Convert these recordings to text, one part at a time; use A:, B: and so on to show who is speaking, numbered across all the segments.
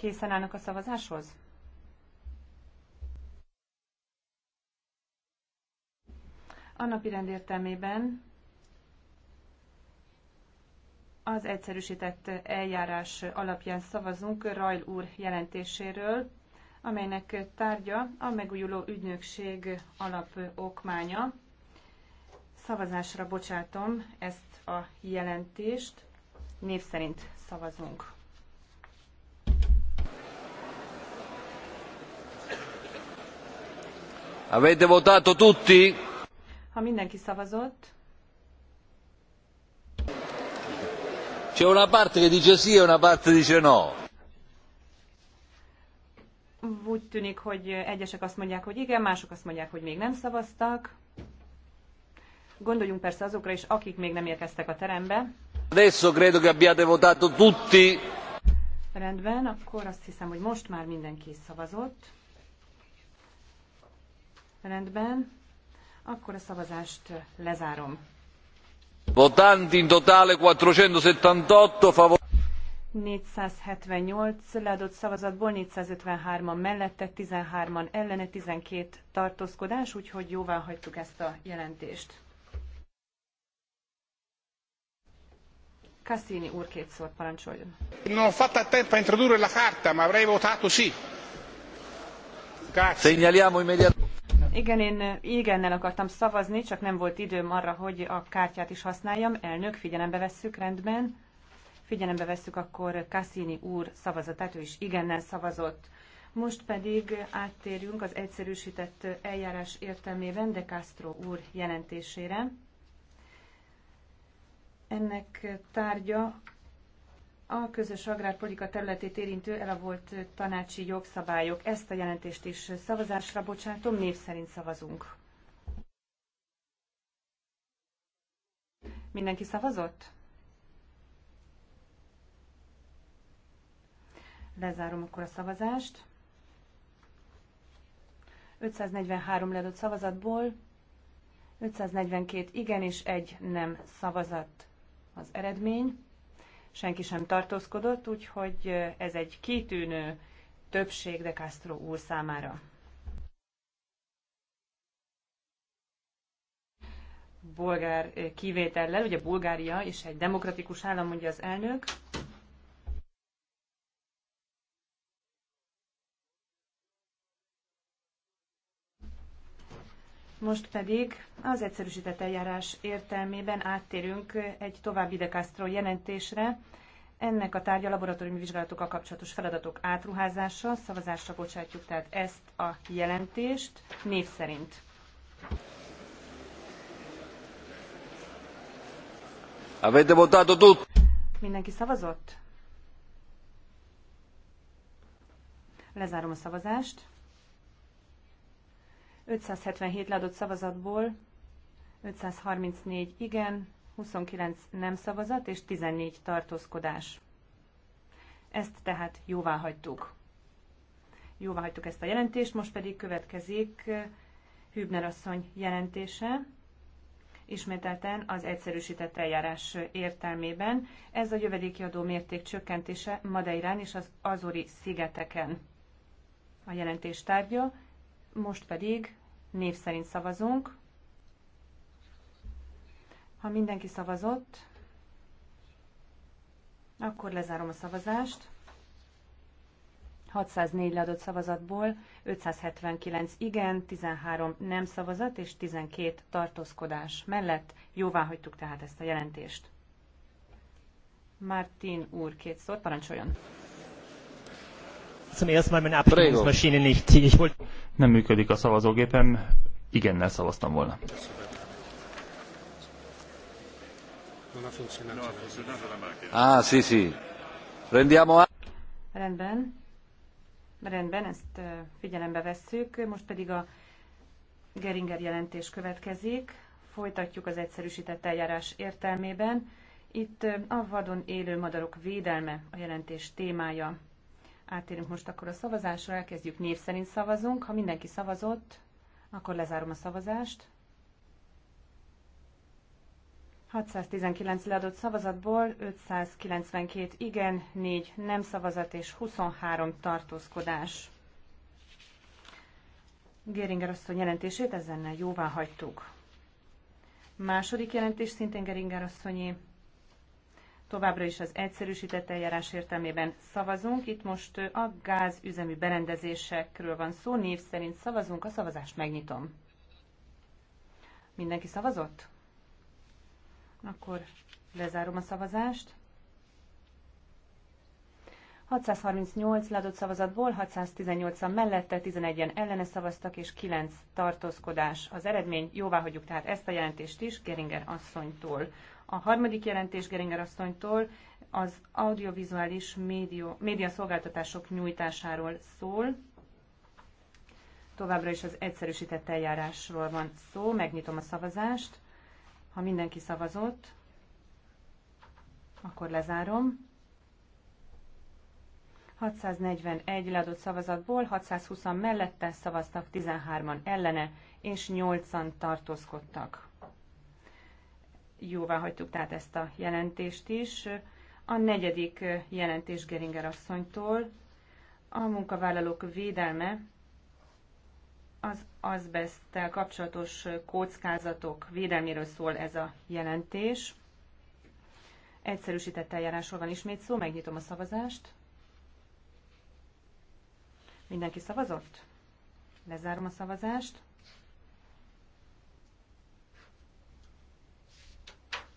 A: készen állnak a szavazáshoz? A napi rend értelmében az egyszerűsített eljárás alapján szavazunk Rajl úr jelentéséről, amelynek tárgya a megújuló ügynökség alapokmánya. Szavazásra bocsátom ezt a jelentést. Név szerint szavazunk.
B: Avete votato tutti?
A: Ha mindenki szavazott.
B: C'è una parte che dice sì e una parte dice no.
A: Úgy tűnik, hogy egyesek azt mondják, hogy igen, mások azt mondják, hogy még nem szavaztak. Gondoljunk persze azokra is, akik még nem érkeztek a terembe.
B: Adesso credo che abbiate votato tutti.
A: Rendben, akkor azt hiszem, hogy most már mindenki szavazott. Rendben. Akkor a szavazást lezárom.
B: Votanti in totale 478 favor.
A: 478 leadott szavazatból 453-an mellette, 13-an ellene, 12 tartózkodás, úgyhogy jóvá hagytuk ezt a jelentést. Cassini úr két szót parancsoljon.
B: Non ho fatto a tempo a introdurre la carta, ma avrei votato sì. Grazie. Segnaliamo immediatamente.
A: Igen, én igennel akartam szavazni, csak nem volt időm arra, hogy a kártyát is használjam. Elnök, figyelembe vesszük, rendben. Figyelembe vesszük akkor Cassini úr szavazatát, ő is igennel szavazott. Most pedig áttérjünk az egyszerűsített eljárás értelmében De Castro úr jelentésére. Ennek tárgya a közös agrárpolitika területét érintő elavult tanácsi jogszabályok. Ezt a jelentést is szavazásra bocsátom, név szerint szavazunk. Mindenki szavazott? Lezárom akkor a szavazást. 543 leadott szavazatból 542 igen és egy nem szavazat az eredmény senki sem tartózkodott, úgyhogy ez egy kitűnő többség de Castro úr számára. Bulgár kivétellel, ugye Bulgária is egy demokratikus állam, mondja az elnök, Most pedig az egyszerűsített eljárás értelmében áttérünk egy további De Castro jelentésre. Ennek a tárgya laboratóriumi vizsgálatokkal kapcsolatos feladatok átruházása. Szavazásra bocsátjuk tehát ezt a jelentést név szerint.
B: Avete votato tutti?
A: Mindenki szavazott? Lezárom a szavazást. 577 leadott szavazatból 534 igen, 29 nem szavazat és 14 tartózkodás. Ezt tehát jóvá hagytuk. Jóvá hagytuk ezt a jelentést, most pedig következik Hübner asszony jelentése, ismételten az egyszerűsített eljárás értelmében. Ez a jövedéki adó mérték csökkentése Madeirán és az Azori szigeteken. A jelentés tárgya, most pedig Név szerint szavazunk. Ha mindenki szavazott, akkor lezárom a szavazást. 604 leadott szavazatból 579 igen, 13 nem szavazat és 12 tartózkodás mellett jóvá hagytuk tehát ezt a jelentést. Martin úr szót, parancsoljon!
B: Zum ersten Mal meine Abstimmungsmaschine nicht. Ich wollte nem működik a szavazógépem, igennel szavaztam volna. Ah, sí, sí. Rendiamo a...
A: Rendben. Rendben, ezt figyelembe vesszük. Most pedig a Geringer jelentés következik. Folytatjuk az egyszerűsített eljárás értelmében. Itt a vadon élő madarok védelme a jelentés témája. Átérünk most akkor a szavazásra, elkezdjük név szerint szavazunk. Ha mindenki szavazott, akkor lezárom a szavazást. 619 leadott szavazatból 592 igen, 4 nem szavazat és 23 tartózkodás. Geringer asszony jelentését ezennel jóvá hagytuk. Második jelentés szintén Geringer asszonyi. Továbbra is az egyszerűsített eljárás értelmében szavazunk. Itt most a gázüzemű berendezésekről van szó. Név szerint szavazunk. A szavazást megnyitom. Mindenki szavazott? Akkor lezárom a szavazást. 638 leadott szavazatból 618-an mellette, 11-en ellene szavaztak, és 9 tartózkodás. Az eredmény, jóvá hagyjuk tehát ezt a jelentést is Geringer asszonytól. A harmadik jelentés Geringer asszonytól az audiovizuális média, média szolgáltatások nyújtásáról szól. Továbbra is az egyszerűsített eljárásról van szó. Megnyitom a szavazást. Ha mindenki szavazott, akkor lezárom. 641 leadott szavazatból 620 mellette szavaztak, 13-an ellene, és 8-an tartózkodtak. Jóvá hagytuk tehát ezt a jelentést is. A negyedik jelentés Geringer asszonytól a munkavállalók védelme az azbesztel kapcsolatos kockázatok védelméről szól ez a jelentés. Egyszerűsített eljárásról van ismét szó, megnyitom a szavazást. Mindenki szavazott? Lezárom a szavazást.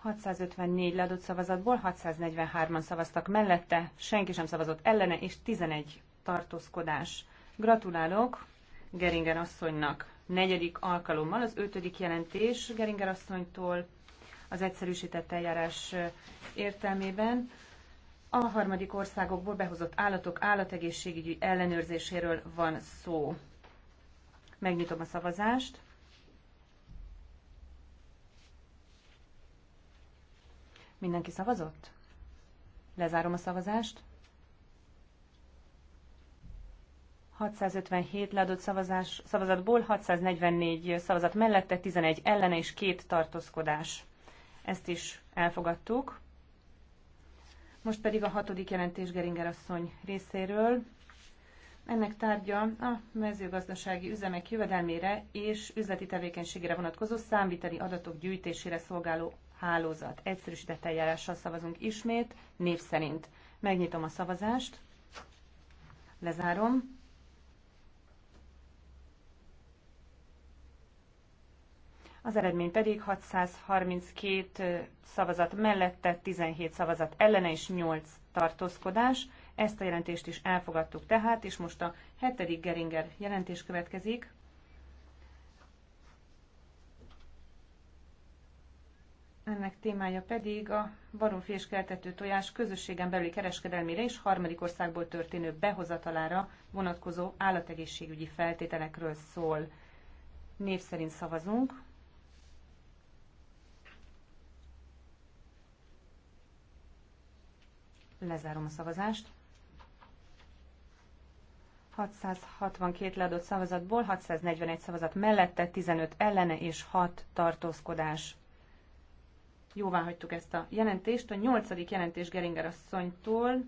A: 654 leadott szavazatból 643-an szavaztak mellette, senki sem szavazott ellene, és 11 tartózkodás. Gratulálok Geringer asszonynak. Negyedik alkalommal az ötödik jelentés Geringer asszonytól az egyszerűsített eljárás értelmében. A harmadik országokból behozott állatok állategészségügyi ellenőrzéséről van szó. Megnyitom a szavazást. Mindenki szavazott? Lezárom a szavazást. 657 leadott szavazás, szavazatból 644 szavazat mellette, 11 ellene és két tartózkodás. Ezt is elfogadtuk. Most pedig a hatodik jelentés Geringer asszony részéről. Ennek tárgya a mezőgazdasági üzemek jövedelmére és üzleti tevékenységére vonatkozó számviteli adatok gyűjtésére szolgáló hálózat. Egyszerűsített eljárással szavazunk ismét, név szerint. Megnyitom a szavazást, lezárom, az eredmény pedig 632 szavazat mellette, 17 szavazat ellene és 8 tartózkodás. Ezt a jelentést is elfogadtuk tehát, és most a hetedik Geringer jelentés következik. Ennek témája pedig a baromfi és keltető tojás közösségen belüli kereskedelmére és harmadik országból történő behozatalára vonatkozó állategészségügyi feltételekről szól. Név szerint szavazunk. Lezárom a szavazást. 662 leadott szavazatból 641 szavazat mellette, 15 ellene és 6 tartózkodás. Jóvá hagytuk ezt a jelentést. A nyolcadik jelentés Geringer asszonytól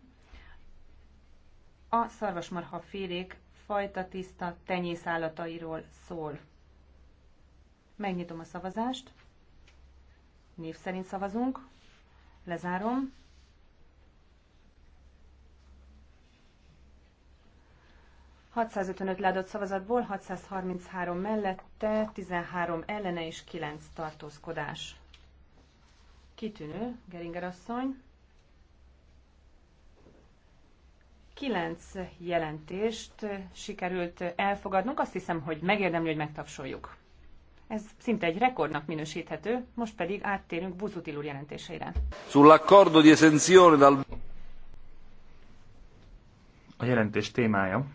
A: a szarvasmarha félék fajta tiszta tenyészállatairól szól. Megnyitom a szavazást. Név szerint szavazunk. Lezárom. 655 leadott szavazatból 633 mellette, 13 ellene és 9 tartózkodás. Kitűnő, Geringer asszony. 9 jelentést sikerült elfogadnunk, azt hiszem, hogy megérdemli, hogy megtapsoljuk. Ez szinte egy rekordnak minősíthető, most pedig áttérünk Buzutil úr jelentéseire.
B: Sull'accordo di esenzione dal... A jelentés témája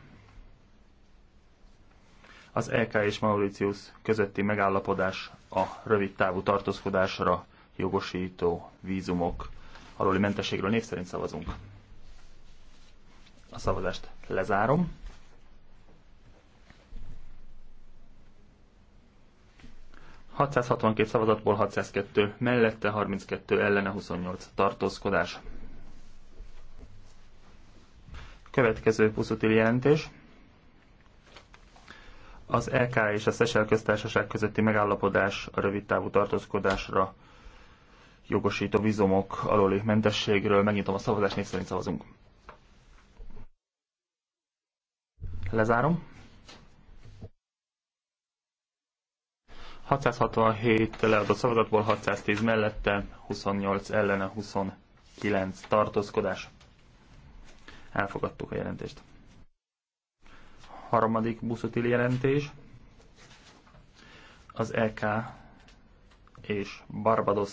B: az EK és Mauritius közötti megállapodás a rövid távú tartózkodásra jogosító vízumok alóli mentességről név szerint szavazunk. A szavazást lezárom. ...662 szavazatból 602, mellette 32, ellene 28 tartózkodás. Következő puszutili jelentés. Az EK és a Szesel köztársaság közötti megállapodás a rövid távú tartózkodásra jogosító vizumok alóli mentességről. Megnyitom a szavazást, négy szerint szavazunk. Lezárom. 667 leadott szavazatból 610 mellette, 28 ellene, 29 tartózkodás. Elfogadtuk a jelentést harmadik buszotili jelentés, az EK és Barbados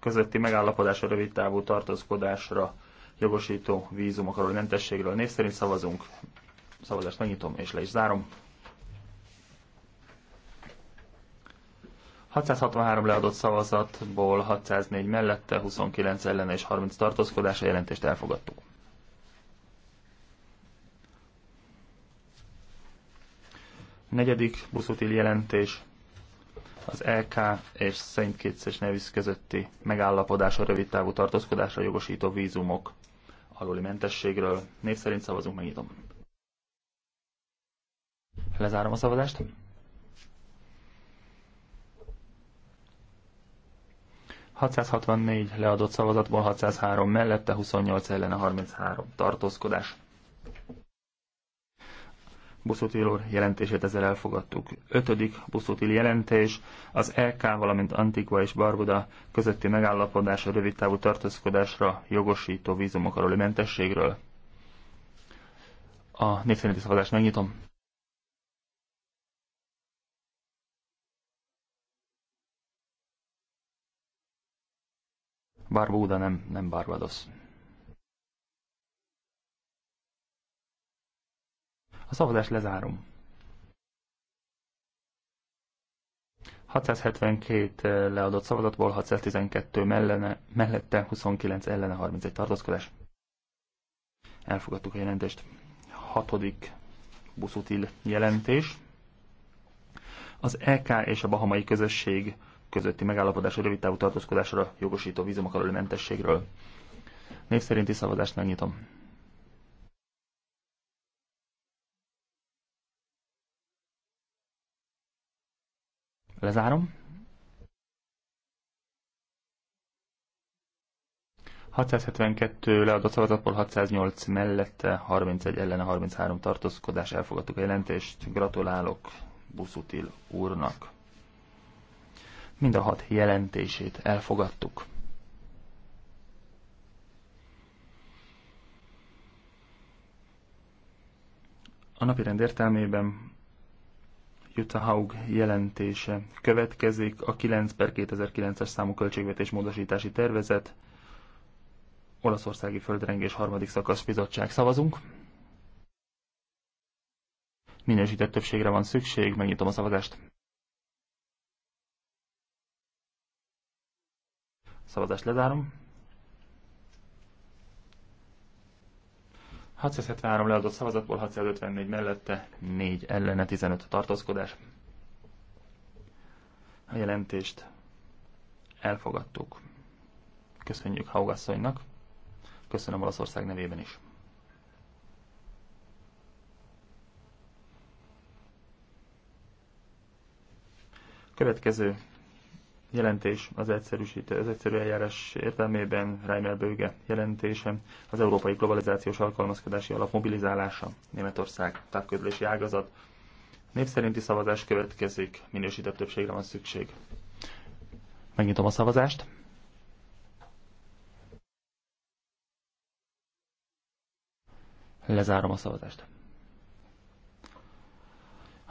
B: közötti megállapodás a rövid távú tartózkodásra jogosító vízumokról, mentességről. Név szerint szavazunk. Szavazást megnyitom és le is zárom. 663 leadott szavazatból 604 mellette, 29 ellene és 30 tartózkodás a jelentést elfogadtuk. Negyedik buszúti jelentés az LK és Szent Kitts és Nevis közötti megállapodás a rövid távú tartózkodásra jogosító vízumok aluli mentességről. Név szerint szavazunk, megnyitom. Lezárom a szavazást. ...664 leadott szavazatból 603 mellette, 28 a 33 tartózkodás. Buszutil úr jelentését ezzel elfogadtuk. Ötödik Buszutil jelentés az LK, e valamint Antigua és Barbuda közötti megállapodás a rövidtávú tartózkodásra jogosító vízumok aluli mentességről. A népszerinti szavazást megnyitom. Barbuda nem, nem Barbados. A szavazást lezárom. 672 leadott szavazatból 612 mellene, mellette, 29 ellene, 31 tartózkodás. Elfogadtuk a jelentést. Hatodik buszutil jelentés. Az EK és a Bahamai Közösség közötti megállapodás a távú tartózkodásra jogosító vízumok mentességről. Név szerinti szavazást megnyitom. Lezárom. 672 leadott szavazatból 608 mellette, 31 ellene, 33 tartózkodás, elfogadtuk a jelentést. Gratulálok Buszutil úrnak. Mind a hat jelentését elfogadtuk. A napi rend értelmében Jutta Haug jelentése következik, a 9 per 2009-es számú költségvetés módosítási tervezet, Olaszországi Földrengés harmadik szakasz bizottság szavazunk. Minősített többségre van szükség, megnyitom a szavazást. Szavazást lezárom. 673 leadott szavazatból 654 mellette, 4 ellene, 15 tartózkodás. A jelentést elfogadtuk. Köszönjük Haugasszonynak. Köszönöm Olaszország nevében is. Következő jelentés az, egyszerűsítő, az egyszerű eljárás értelmében Reimer Böge jelentése, az Európai Globalizációs Alkalmazkodási Alap mobilizálása, Németország távközlési ágazat. Népszerinti szavazás következik, minősített többségre van szükség. Megnyitom a szavazást. Lezárom a szavazást.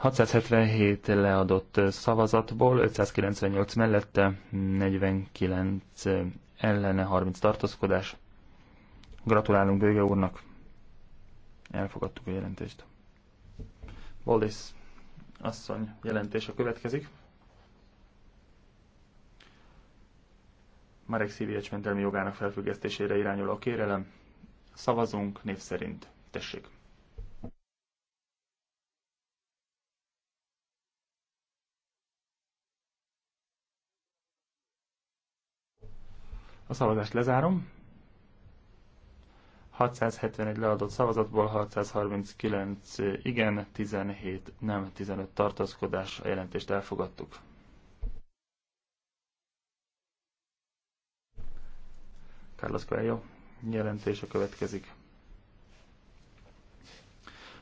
B: 677 leadott szavazatból, 598 mellette, 49 ellene, 30 tartózkodás. Gratulálunk Bőge úrnak. Elfogadtuk a jelentést. Boldis asszony jelentése következik. Marek Szívijecs mentelmi jogának felfüggesztésére irányuló kérelem. Szavazunk név szerint. Tessék! A szavazást lezárom. 671 leadott szavazatból 639 igen, 17 nem, 15 tartózkodás, a jelentést elfogadtuk. Carlos Coelho jelentése következik.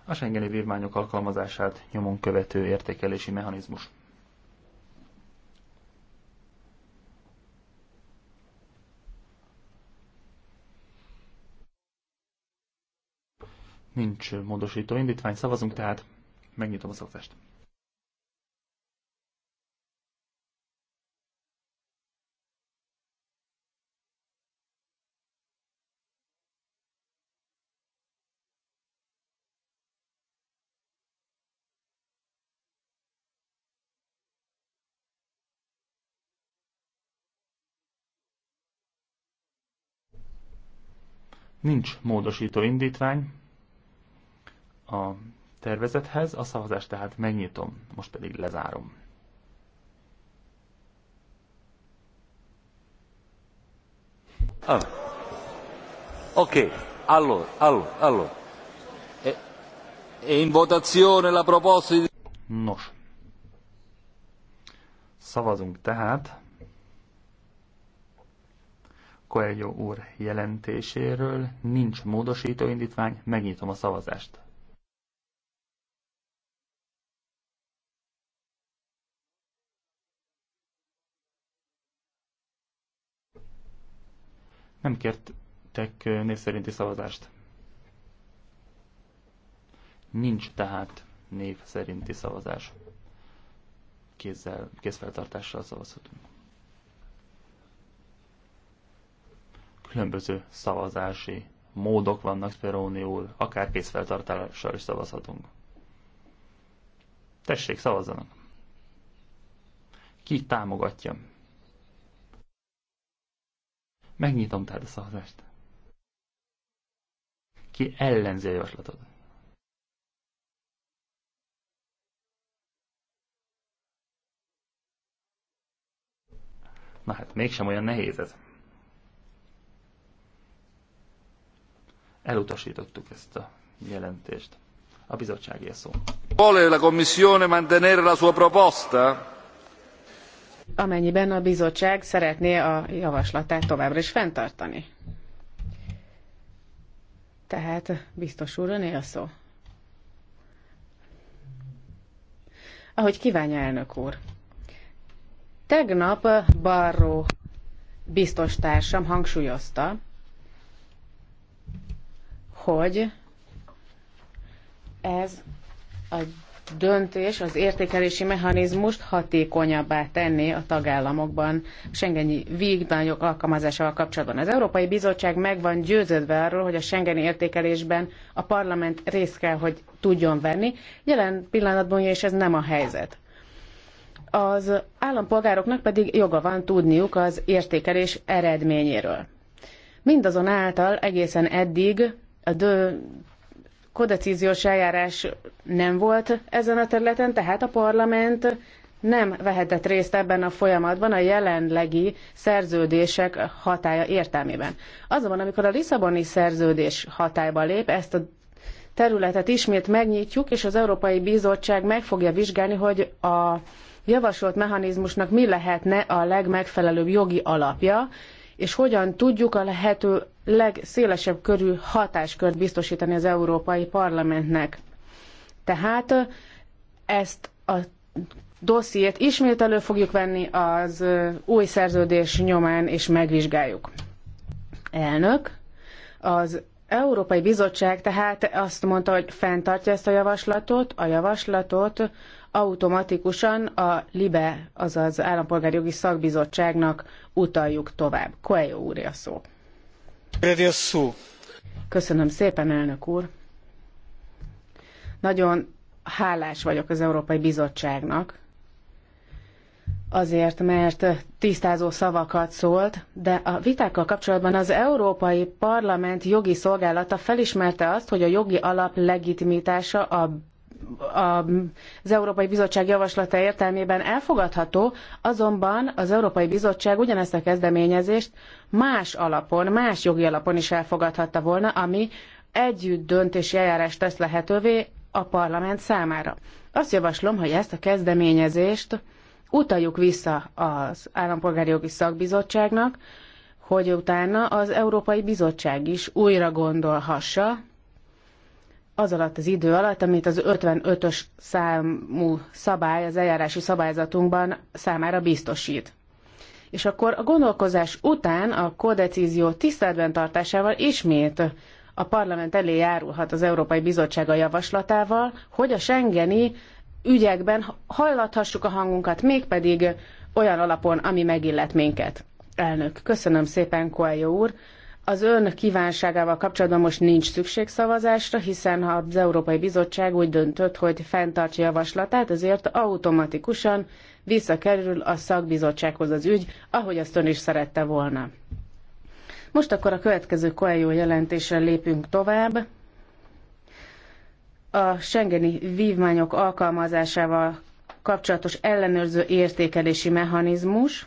B: A Schengeni vívmányok alkalmazását nyomon követő értékelési mechanizmus. Nincs módosító indítvány, szavazunk tehát, megnyitom a szavazást. Nincs módosító indítvány, a tervezethez, a szavazást tehát megnyitom, most pedig lezárom. Ah. Oké, okay. allora, allora, allora. E, e, in votazione la proposta di... Nos. Szavazunk tehát Coelho úr jelentéséről. Nincs módosító indítvány, megnyitom a szavazást. nem kértek név szerinti szavazást. Nincs tehát név szerinti szavazás. Kézzel, kézfeltartással szavazhatunk. Különböző szavazási módok vannak Speróniul, akár kézfeltartással is szavazhatunk. Tessék, szavazzanak! Ki támogatja? Megnyitom tehát a szavazást. Ki ellenzi a javaslatot? Na hát mégsem olyan nehéz ez. Elutasítottuk ezt a jelentést. A bizottságé szó. Vole la Commissione mantenere la sua proposta?
C: amennyiben a bizottság szeretné a javaslatát továbbra is fenntartani. Tehát biztos úr, a szó. Ahogy kívánja elnök úr. Tegnap Barró biztos társam hangsúlyozta, hogy ez a döntés az értékelési mechanizmus, hatékonyabbá tenni a tagállamokban Schengeni vívmányok alkalmazásával kapcsolatban. Az Európai Bizottság meg van győződve arról, hogy a Schengeni értékelésben a parlament részt kell, hogy tudjon venni. Jelen pillanatban és ez nem a helyzet. Az állampolgároknak pedig joga van tudniuk az értékelés eredményéről. Mindazonáltal egészen eddig a dö kodecíziós eljárás nem volt ezen a területen, tehát a parlament nem vehetett részt ebben a folyamatban a jelenlegi szerződések hatája értelmében. Azonban, amikor a Lisszaboni szerződés hatályba lép, ezt a területet ismét megnyitjuk, és az Európai Bizottság meg fogja vizsgálni, hogy a javasolt mechanizmusnak mi lehetne a legmegfelelőbb jogi alapja, és hogyan tudjuk a lehető legszélesebb körű hatáskört biztosítani az Európai Parlamentnek. Tehát ezt a dossziét ismét elő fogjuk venni az új szerződés nyomán, és megvizsgáljuk. Elnök, az Európai Bizottság tehát azt mondta, hogy fenntartja ezt a javaslatot, a javaslatot automatikusan a LIBE, azaz állampolgári jogi Szakbizottságnak utaljuk tovább. Coelho úr a szó. Köszönöm szépen, elnök úr. Nagyon hálás vagyok az Európai Bizottságnak, azért, mert tisztázó szavakat szólt, de a vitákkal kapcsolatban az Európai Parlament jogi szolgálata felismerte azt, hogy a jogi alap legitimitása a a, az Európai Bizottság javaslata értelmében elfogadható, azonban az Európai Bizottság ugyanezt a kezdeményezést más alapon, más jogi alapon is elfogadhatta volna, ami együtt döntési eljárást tesz lehetővé a parlament számára. Azt javaslom, hogy ezt a kezdeményezést utaljuk vissza az Állampolgári Jogi Szakbizottságnak, hogy utána az Európai Bizottság is újra gondolhassa, az alatt az idő alatt, amit az 55-ös számú szabály az eljárási szabályzatunkban számára biztosít. És akkor a gondolkozás után a kodecízió tiszteletben tartásával ismét a parlament elé járulhat az Európai Bizottság a javaslatával, hogy a Schengeni ügyekben hallathassuk a hangunkat, mégpedig olyan alapon, ami megillet minket. Elnök, köszönöm szépen, Koeljo úr. Az ön kívánságával kapcsolatban most nincs szükség szavazásra, hiszen ha az Európai Bizottság úgy döntött, hogy fenntartja javaslatát, ezért automatikusan visszakerül a szakbizottsághoz az ügy, ahogy azt ön is szerette volna. Most akkor a következő Coelho jelentésre lépünk tovább. A Schengeni vívmányok alkalmazásával kapcsolatos ellenőrző értékelési mechanizmus –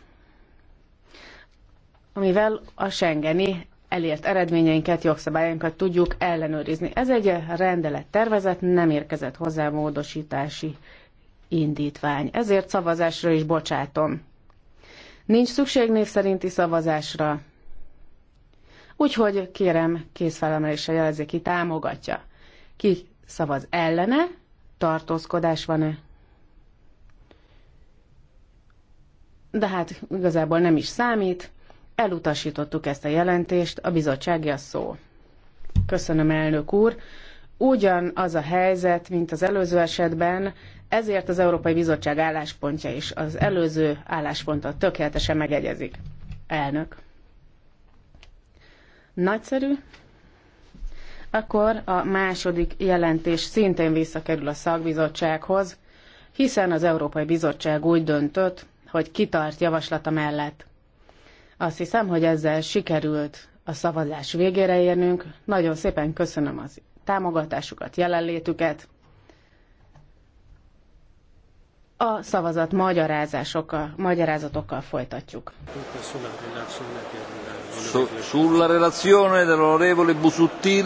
C: amivel a Schengeni elért eredményeinket, jogszabályainkat tudjuk ellenőrizni. Ez egy rendelet tervezet, nem érkezett hozzá módosítási indítvány. Ezért szavazásra is bocsátom. Nincs szükség név szerinti szavazásra. Úgyhogy kérem, kézfelemeléssel jelezi, ki támogatja. Ki szavaz ellene, tartózkodás van-e? De hát igazából nem is számít, Elutasítottuk ezt a jelentést, a bizottsági a szó. Köszönöm, elnök úr. Ugyan az a helyzet, mint az előző esetben, ezért az Európai Bizottság álláspontja is az előző álláspontot tökéletesen megegyezik. Elnök. Nagyszerű. Akkor a második jelentés szintén visszakerül a szakbizottsághoz, hiszen az Európai Bizottság úgy döntött, hogy kitart javaslata mellett. Azt hiszem, hogy ezzel sikerült a szavazás végére érnünk. Nagyon szépen köszönöm az támogatásukat, jelenlétüket. A szavazat magyarázásokkal, magyarázatokkal folytatjuk.
B: Sulla relazione dell'onorevole Busuttil.